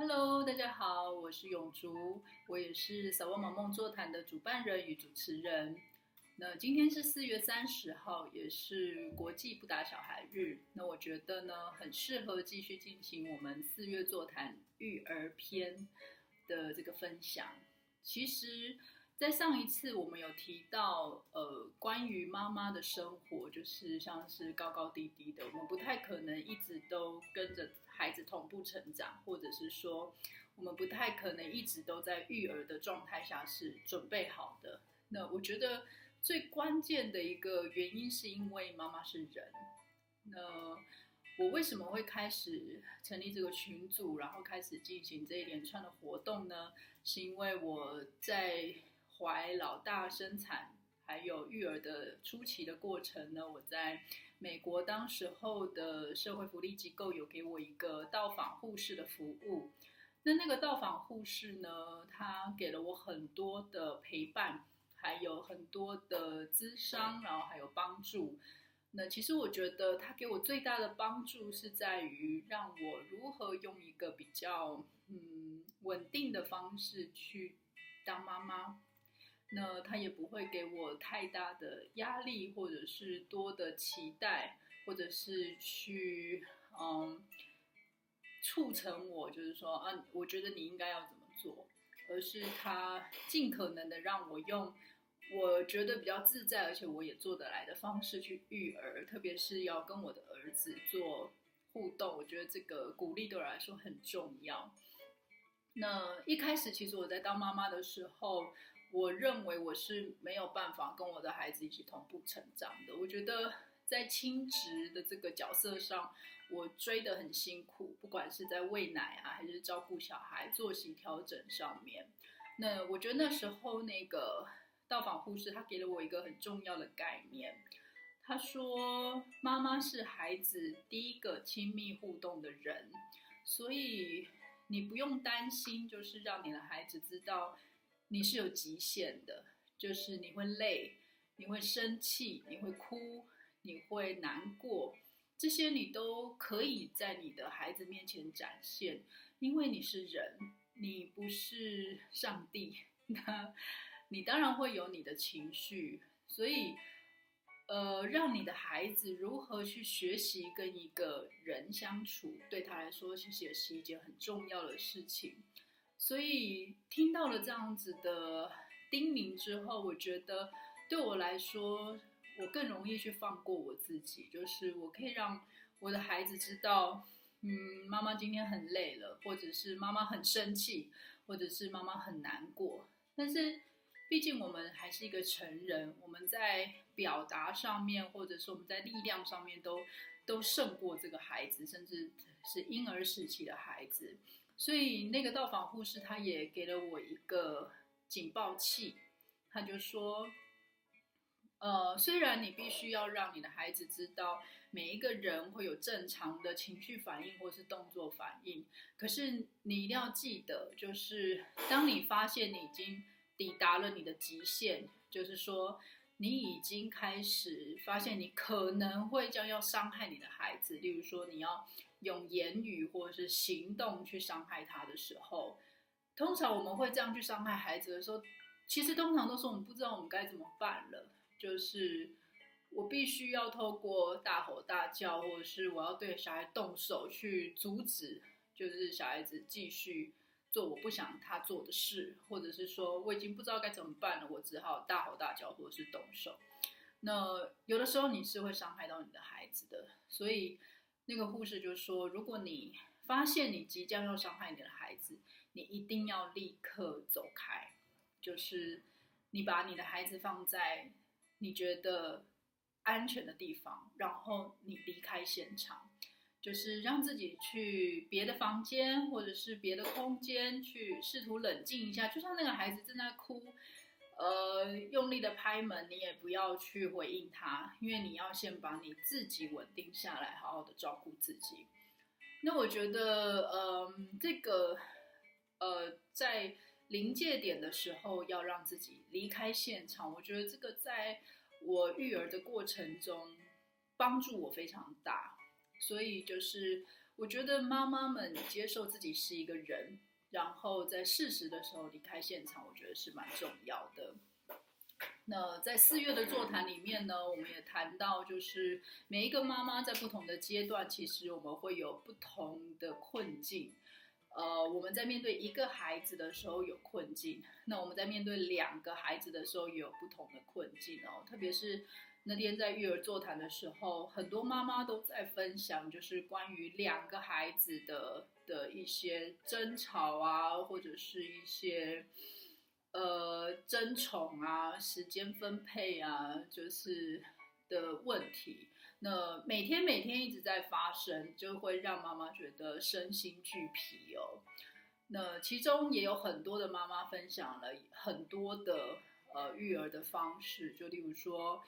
Hello，大家好，我是永竹，我也是撒哇瑪矇座談的主辦人與主持人。那今天是四月三十號，也是國際不打小孩日。那我覺得呢，很適合繼續進行我們四月座談育兒篇的這個分享。其實，在上一次我們有提到，呃，關於媽媽的生活，就是像是高高低低的，我們不太可能一直都跟着。孩子同步成長，或者是說，我們不太可能一直都在育兒的狀態下是準備好的。那我覺得最關鍵的一個原因是因為媽媽是人。那我為什麼會開始成立這個群組，然後開始進行這一連串的活動呢？是因為我在懷老大、生產還有育兒的初期的過程呢，我在。美國當時候的社會福利機構有給我一個到訪護士的服務，那那個到訪護士呢，他給了我很多的陪伴，還有很多的諮商，然後還有幫助。那其實我覺得他給我最大的幫助是在於讓我如何用一個比較嗯穩定的方式去當媽媽。那他也不會給我太大的壓力，或者是多的期待，或者是去嗯促成我，就是說啊，我覺得你應該要怎麼做，而是他盡可能的讓我用我覺得比較自在，而且我也做得來的方式去育兒，特別是要跟我的兒子做互動，我覺得這個鼓勵對我來說很重要。那一開始，其實我在當媽媽的時候。我認為我是沒有辦法跟我的孩子一起同步成長的。我覺得在親職的這個角色上，我追得很辛苦，不管是在餵奶啊，還是照顧小孩、作息調整上面。那我覺得那時候那個到訪護士她給了我一個很重要的概念，她說：“媽媽是孩子第一個親密互動的人，所以你不用擔心，就是讓你的孩子知道。”你是有極限的，就是你會累，你會生氣，你會哭，你會難過，這些你都可以在你的孩子面前展現，因為你是人，你不是上帝，那，你當然會有你的情緒，所以，呃，讓你的孩子如何去學習跟一個人相處，對他來說其實也是一件很重要的事情。所以聽到了這樣子的叮嚀之後，我覺得對我來說，我更容易去放過我自己。就是我可以讓我的孩子知道，嗯，媽媽今天很累了，或者是媽媽很生氣，或者是媽媽很難過。但是，畢竟我們還是一個成人，我們在表達上面，或者是我們在力量上面都，都都勝過這個孩子，甚至是嬰兒時期的孩子。所以那個到訪護士他也給了我一個警報器，他就說：“呃，雖然你必須要讓你的孩子知道每一個人會有正常的情緒反應或是動作反應，可是你一定要記得，就是當你發現你已經抵達了你的極限，就是說你已經開始發現你可能會將要傷害你的孩子，例如說你要。”用言語或是行動去傷害他的時候，通常我們會這樣去傷害孩子的時候，其實通常都是我們不知道我們該怎麼辦了。就是我必須要透過大吼大叫，或者是我要對小孩動手去阻止，就是小孩子繼續做我不想他做的事，或者是說我已經不知道該怎麼辦了，我只好大吼大叫或者是動手。那有的時候你是會傷害到你的孩子的，所以。那個護士就說：“如果你發現你即將要傷害你的孩子，你一定要立刻走開，就是你把你的孩子放在你覺得安全的地方，然後你離開現場，就是讓自己去別的房間或者是別的空間去試圖冷靜一下。就像那個孩子正在哭。”呃，用力的拍門，你也不要去回應他，因為你要先把你自己穩定下來，好好的照顧自己。那我覺得，呃，這個，呃，在臨界點的時候，要讓自己離開現場。我覺得這個在我育兒的過程中，幫助我非常大。所以就是，我覺得媽媽們接受自己是一個人。然後在適時的時候離開現場，我覺得是蠻重要的。那在四月的座談裡面呢，我們也談到，就是每一個媽媽在不同的階段，其實我們會有不同的困境。呃，我們在面對一個孩子的時候有困境，那我們在面對兩個孩子的時候也有不同的困境哦，特別是。那天在育兒座談的時候，很多媽媽都在分享，就是關於兩個孩子的的一些爭吵啊，或者是一些呃爭寵啊、時間分配啊，就是的問題。那每天每天一直在發生，就會讓媽媽覺得身心俱疲哦。那其中也有很多的媽媽分享了很多的呃育兒的方式，就例如說。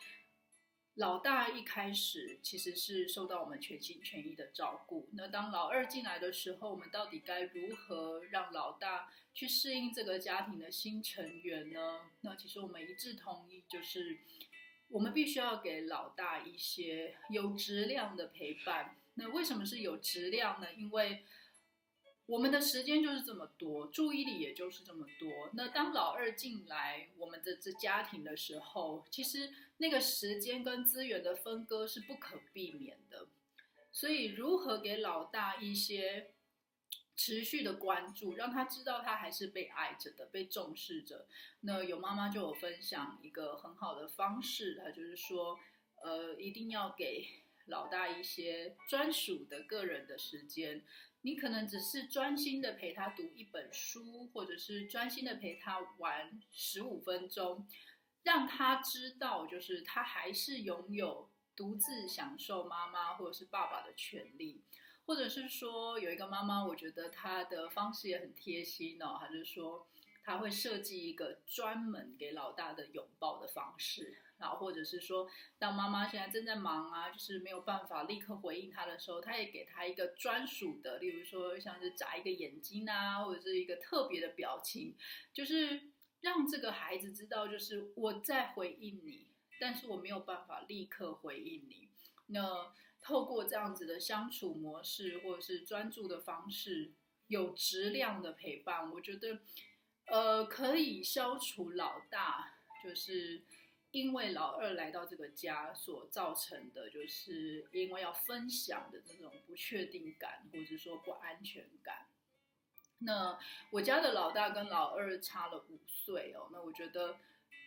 老大一開始其實是受到我們全心全意的照顧。那當老二進來的時候，我們到底該如何讓老大去適應這個家庭的新成員呢？那其實我們一致同意，就是我們必須要給老大一些有質量的陪伴。那為什麼是有質量呢？因為。我們的時間就是這麼多，注意力也就是這麼多。那當老二進來我們的這家庭的時候，其實那個時間跟資源的分割是不可避免的。所以，如何給老大一些持續的關注，讓他知道他還是被愛着的，被重視着。那有媽媽就有分享一個很好的方式，她就是說，呃，一定要給老大一些專屬的個人的時間。你可能只是專心的陪他讀一本書，或者是專心的陪他玩十五分鐘，讓他知道，就是他還是擁有獨自享受媽媽或者是爸爸的權利，或者是說有一個媽媽，我覺得她的方式也很貼心哦，她就說。他會設計一個專門給老大的擁抱的方式，然後或者是說，當媽媽現在正在忙啊，就是沒有辦法立刻回應他的時候，他也給他一個專屬的，例如說像是眨一個眼睛啊，或者是一個特別的表情，就是讓這個孩子知道，就是我在回應你，但是我沒有辦法立刻回應你。那透過這樣子的相處模式，或者是專注的方式，有質量的陪伴，我覺得。呃，可以消除老大，就是因為老二來到這個家所造成的，就是因為要分享的這種不確定感，或者說不安全感。那我家的老大跟老二差了五歲哦，那我覺得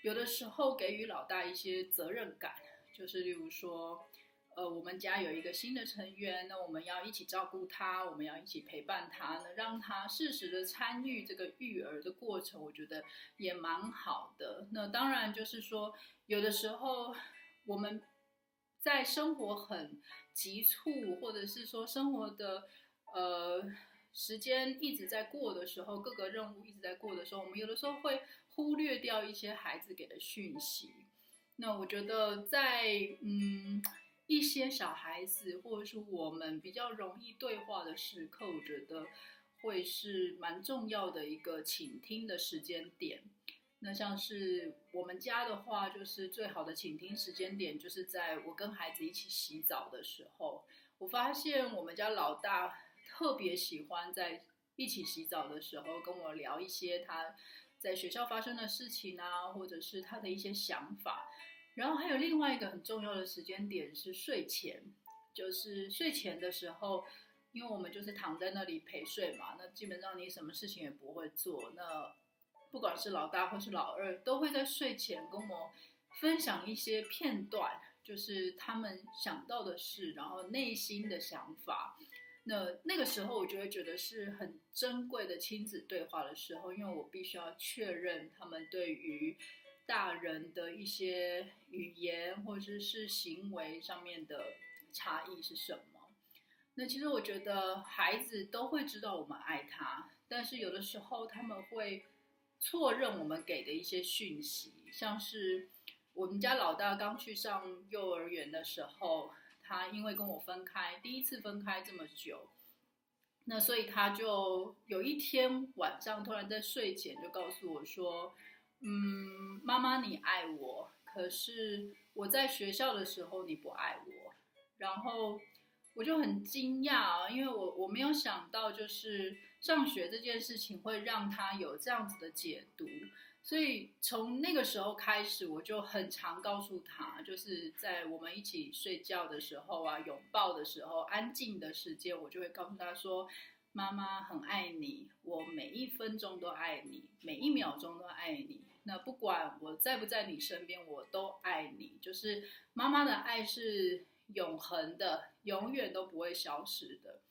有的時候給予老大一些責任感，就是例如說。呃，我們家有一個新的成員，那我們要一起照顧他，我們要一起陪伴他，那讓他適時的參與這個育兒的過程，我覺得也蠻好的。那當然就是說，有的時候我們在生活很急促，或者是說生活的呃時間一直在過的時候，各個任務一直在過的時候，我們有的時候會忽略掉一些孩子給的訊息。那我覺得在嗯。一些小孩子，或者是我們比較容易對話的時刻，我覺得會是蠻重要的一個傾聽的時間點。那像是我們家的話，就是最好的傾聽時間點，就是在我跟孩子一起洗澡的時候。我發現我們家老大特別喜歡在一起洗澡的時候，跟我聊一些他在學校發生的事情啊，或者是他的一些想法。然後還有另外一個很重要的時間點是睡前，就是睡前的時候，因為我們就是躺在那裡陪睡嘛，那基本上你什麼事情也不會做。那不管是老大或是老二，都會在睡前跟我分享一些片段，就是他們想到的事，然後內心的想法。那那個時候我就會覺得是很珍貴的親子對話的時候，因為我必須要確認他們對於。大人的一些語言或者是，是行為上面的差異是什麼？那其實我覺得孩子都會知道我們愛他，但是有的時候他們會錯認我們給的一些訊息。像是我們家老大剛去上幼兒園的時候，他因為跟我分開，第一次分開這麼久，那所以他就有一天晚上突然在睡前就告訴我說。嗯，媽媽，你愛我。可是我在學校的時候你不愛我。然後我就很驚訝啊，因為我我沒有想到，就是上學這件事情會讓他有這樣子的解讀。所以從那個時候開始，我就很常告訴他，就是在我們一起睡覺的時候啊，擁抱的時候，安靜的時間，我就會告訴他說：“媽媽很愛你，我每一分鐘都愛你，每一秒鐘都愛你。”那不管我在不在你身邊，我都愛你。就是媽媽的愛是永恆的，永遠都不會消失的。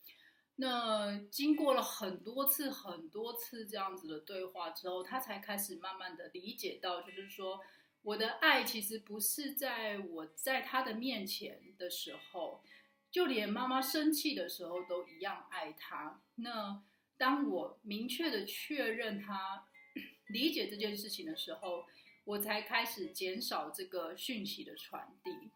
那經過了很多次、很多次這樣子的對話之後，他才開始慢慢的理解到，就是說我的愛其實不是在我在他的面前的時候，就連媽媽生氣的時候都一樣愛他。那當我明確的確認他，理解這件事情的時候，我才開始減少這個訊息的傳遞。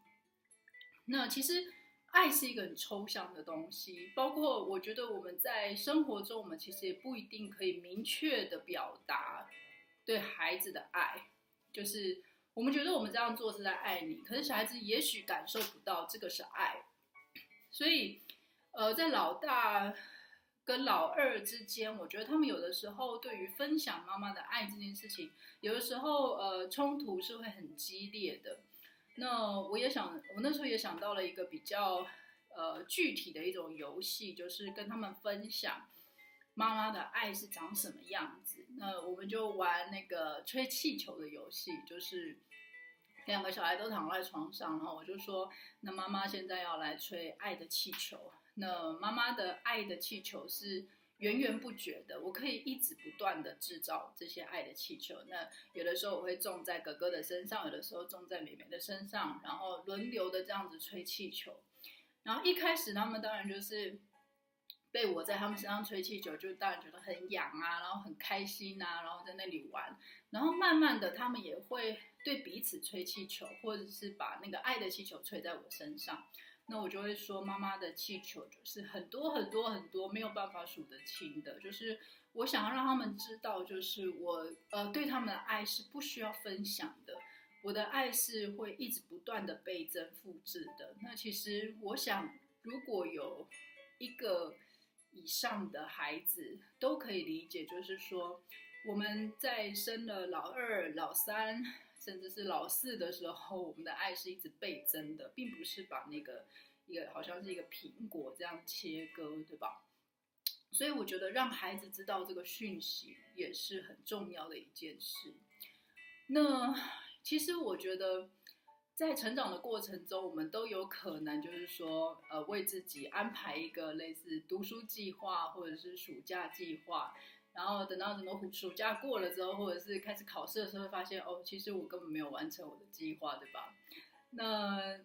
那其實愛是一個很抽象的東西，包括我覺得我們在生活中，我們其實也不一定可以明確地表達對孩子的愛。就是我們覺得我們這樣做是在愛你，可是小孩子也許感受不到這個是愛。所以，呃，在老大。跟老二之間，我覺得他們有的時候對於分享媽媽的愛這件事情，有的時候呃衝突是會很激烈的。那我也想，我那時候也想到了一個比較呃具體的一種遊戲，就是跟他們分享媽媽的愛是長什麼樣子。那我們就玩那個吹氣球的遊戲，就是兩個小孩都躺在床上，然後我就說，那媽媽現在要來吹愛的氣球。那媽媽的愛的氣球是源源不絕的，我可以一直不斷的製造這些愛的氣球。那有的時候我會種在哥哥的身上，有的時候種在妹妹的身上，然後輪流的這樣子吹氣球。然後一開始他們當然就是被我在他們身上吹氣球，就當然覺得很癢啊，然後很開心啊，然後在那裡玩。然後慢慢的他們也會對彼此吹氣球，或者是把那個愛的氣球吹在我身上。那我就會說，媽媽的氣球就是很多很多很多沒有辦法數得清的，就是我想要讓他們知道，就是我呃對他們的愛是不需要分享的，我的愛是會一直不斷地倍增複製的。那其實我想，如果有一個以上的孩子都可以理解，就是說我們在生了老二、老三，甚至是老四的時候，我們的愛是一直倍增的，並不是把那個一個好像是一個蘋果這樣切割，對吧？所以我覺得讓孩子知道這個訊息也是很重要的一件事。那其實我覺得，在成長的過程中，我們都有可能就是說，呃，為自己安排一個類似讀書計劃或者是暑假計劃。然後等到什麼暑假過了之後，或者是開始考試的時候，會發現哦，其實我根本沒有完成我的計劃，對吧？那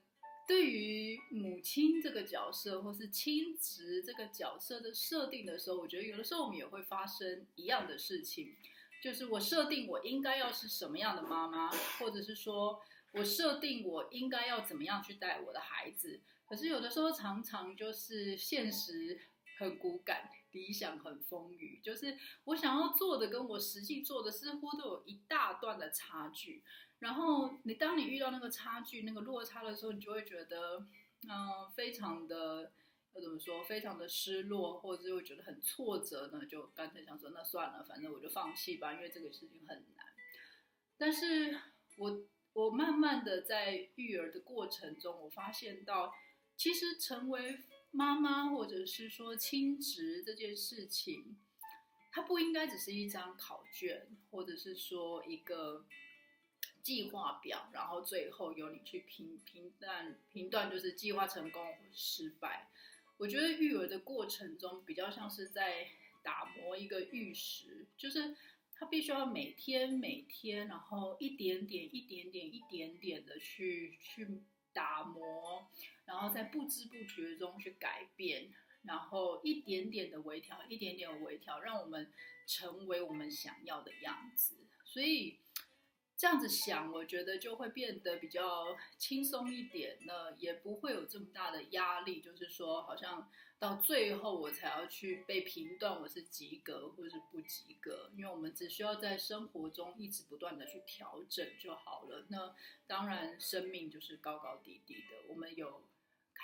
對於母親這個角色，或是親職這個角色的設定的時候，我覺得有的時候我們也會發生一樣的事情，就是我設定我應該要是什麼樣的媽媽，或者是說我設定我應該要怎麼樣去帶我的孩子，可是有的時候常常就是現實很骨感。理想很豐腴，就是我想要做的，跟我實際做的似乎都有一大段的差距。然後你當你遇到那個差距，那個落差的時候，你就會覺得，嗯、呃，非常的怎麼說，非常的失落，或者是會覺得很挫折呢？就乾脆想說，那算了，反正我就放棄吧，因為這個事情很難。但是我我慢慢的在育兒的過程中，我發現到，其實成為媽媽，或者是說親職這件事情，它不應該只是一張考卷，或者是說一個計劃表，然後最後由你去評，評，評斷評斷就是計劃成功失敗。我覺得育兒的過程中，比較像是在打磨一個玉石，就是它必須要每天每天，然後一點點一點點一點點的去去。打磨，然後在不知不覺中去改變，然後一點點的微調，一點點的微調，讓我們成為我們想要的樣子。所以這樣子想，我覺得就會變得比較輕鬆一點呢，也不會有這麼大的壓力。就是說，好像。到最後我才要去被評斷我是及格或是不及格，因為我們只需要在生活中一直不斷的去調整就好了。那當然，生命就是高高低低的，我們有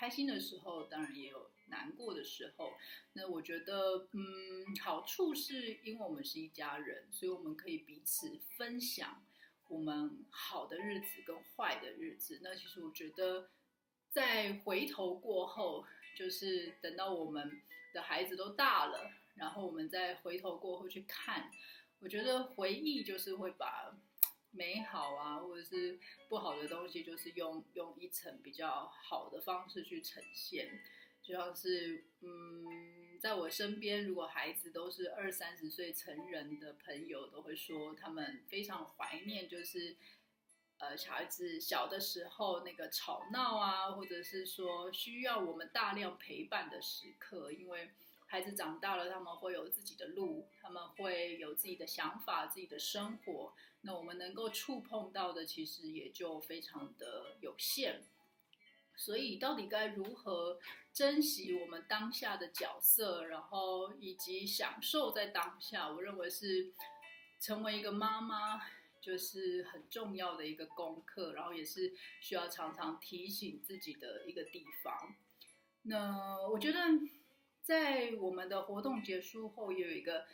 開心的時候，當然也有難過的時候。那我覺得，嗯，好處是因為我們是一家人，所以我們可以彼此分享我們好的日子跟壞的日子。那其實我覺得，在回頭過後。就是等到我們的孩子都大了，然後我們再回頭過後去看，我覺得回憶就是會把美好啊，或者是不好的東西，就是用用一層比較好的方式去呈現。就像是，嗯，在我身邊，如果孩子都是二三十歲成人的朋友，都會說他們非常懷念，就是。呃，小孩子小的時候，那個吵鬧啊，或者是說需要我們大量陪伴的時刻，因為孩子長大了，他們會有自己的路，他們會有自己的想法、自己的生活。那我們能夠觸碰到的，其實也就非常的有限。所以，到底該如何珍惜我們當下的角色，然後以及享受在當下？我認為是成為一個媽媽，就是很重要的一個功課，然後也是需要常常提醒自己的一個地方。那我覺得，在我們的活動結束後，也有一個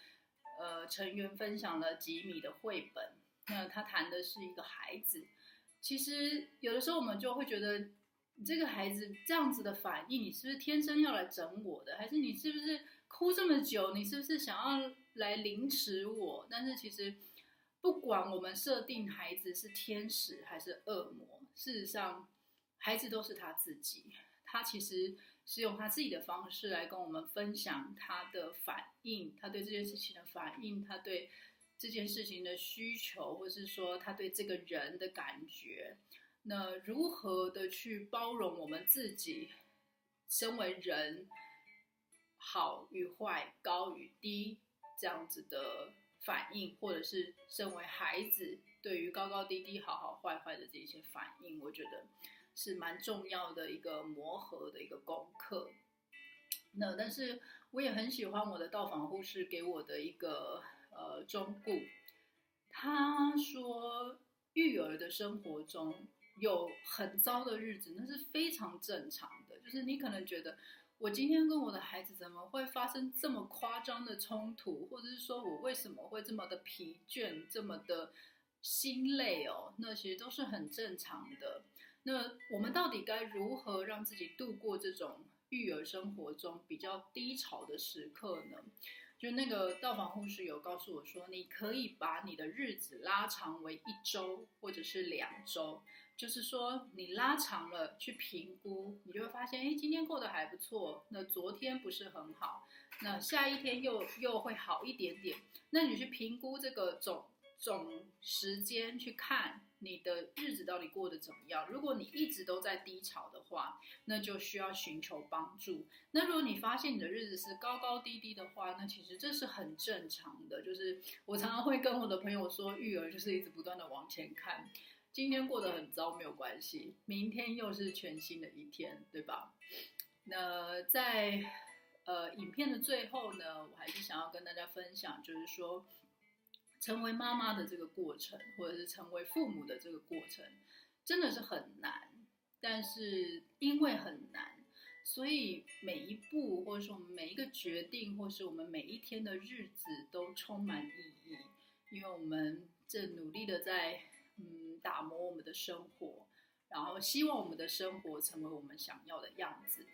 呃成員分享了幾米的繪本。那他談的是一個孩子。其實有的時候我們就會覺得，這個孩子這樣子的反應，你是不是天生要來整我的？還是你是不是哭這麼久，你是不是想要來凌遲我？但是其實。不管我們設定孩子是天使還是惡魔，事實上，孩子都是他自己。他其實是用他自己的方式來跟我們分享他的反應，他對這件事情的反應，他對這件事情的需求，或是說他對這個人的感覺。那如何的去包容我們自己，身為人，好與壞，高與低，這樣子的。反應，或者是身為孩子對於高高低低、好好壞壞的這些反應，我覺得是蠻重要的一個磨合的一個功課。那但是我也很喜歡我的到訪護士給我的一個呃忠告，他說育兒的生活中有很糟的日子，那是非常正常的，就是你可能覺得。我今天跟我的孩子怎麼會發生這麼誇張的衝突，或者是說我為什麼會這麼的疲倦，這麼的心累哦？那其實都是很正常的。那我們到底該如何讓自己度過這種育兒生活中比較低潮的時刻呢？就那個到訪護士有告訴我說，你可以把你的日子拉長為一周或者是兩周。就是說，你拉長了去評估，你就會發現，誒，今天過得還不錯，那昨天不是很好，那下一天又又會好一點點。那你去評估這個總總時間，去看你的日子到底過得怎麼樣。如果你一直都在低潮的話，那就需要尋求幫助。那如果你發現你的日子是高高低低的話，那其實這是很正常的。就是我常常會跟我的朋友說，育兒就是一直不斷地往前看。今天過得很糟，沒有關係，明天又是全新的一天，對吧？那在呃影片的最後呢，我還是想要跟大家分享，就是說，成為媽媽的這個過程，或者是成為父母的這個過程，真的是很難。但是因為很難，所以每一步，或者說我們每一個決定，或是我們每一天的日子，都充滿意義，因為我們正努力的在。嗯，打磨我們的生活，然後希望我們的生活成為我們想要的樣子。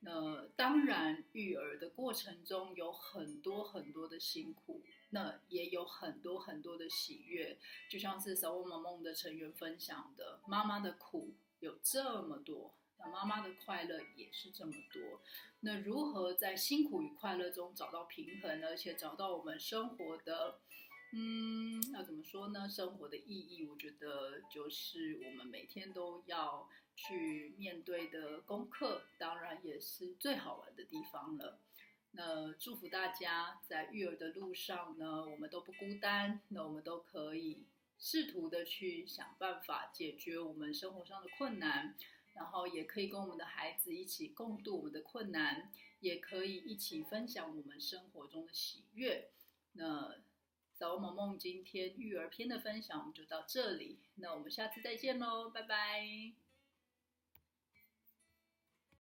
那當然，育兒的過程中有很多很多的辛苦，那也有很多很多的喜悅。就像是撒哇瑪矇的成員分享的，媽媽的苦有這麼多，那媽媽的快樂也是這麼多。那如何在辛苦與快樂中找到平衡，而且找到我們生活的？嗯，那怎麼說呢？生活的意義，我覺得就是我們每天都要去面對的功課，當然也是最好玩的地方了。那祝福大家在育兒的路上呢，我們都不孤單。那我們都可以試圖的去想辦法解決我們生活上的困難，然後也可以跟我們的孩子一起共度我們的困難，也可以一起分享我們生活中的喜悅。那。撒哇瑪矇，今天育兒篇的分享，我們就到這裡。那我們下次再見嘍，拜拜。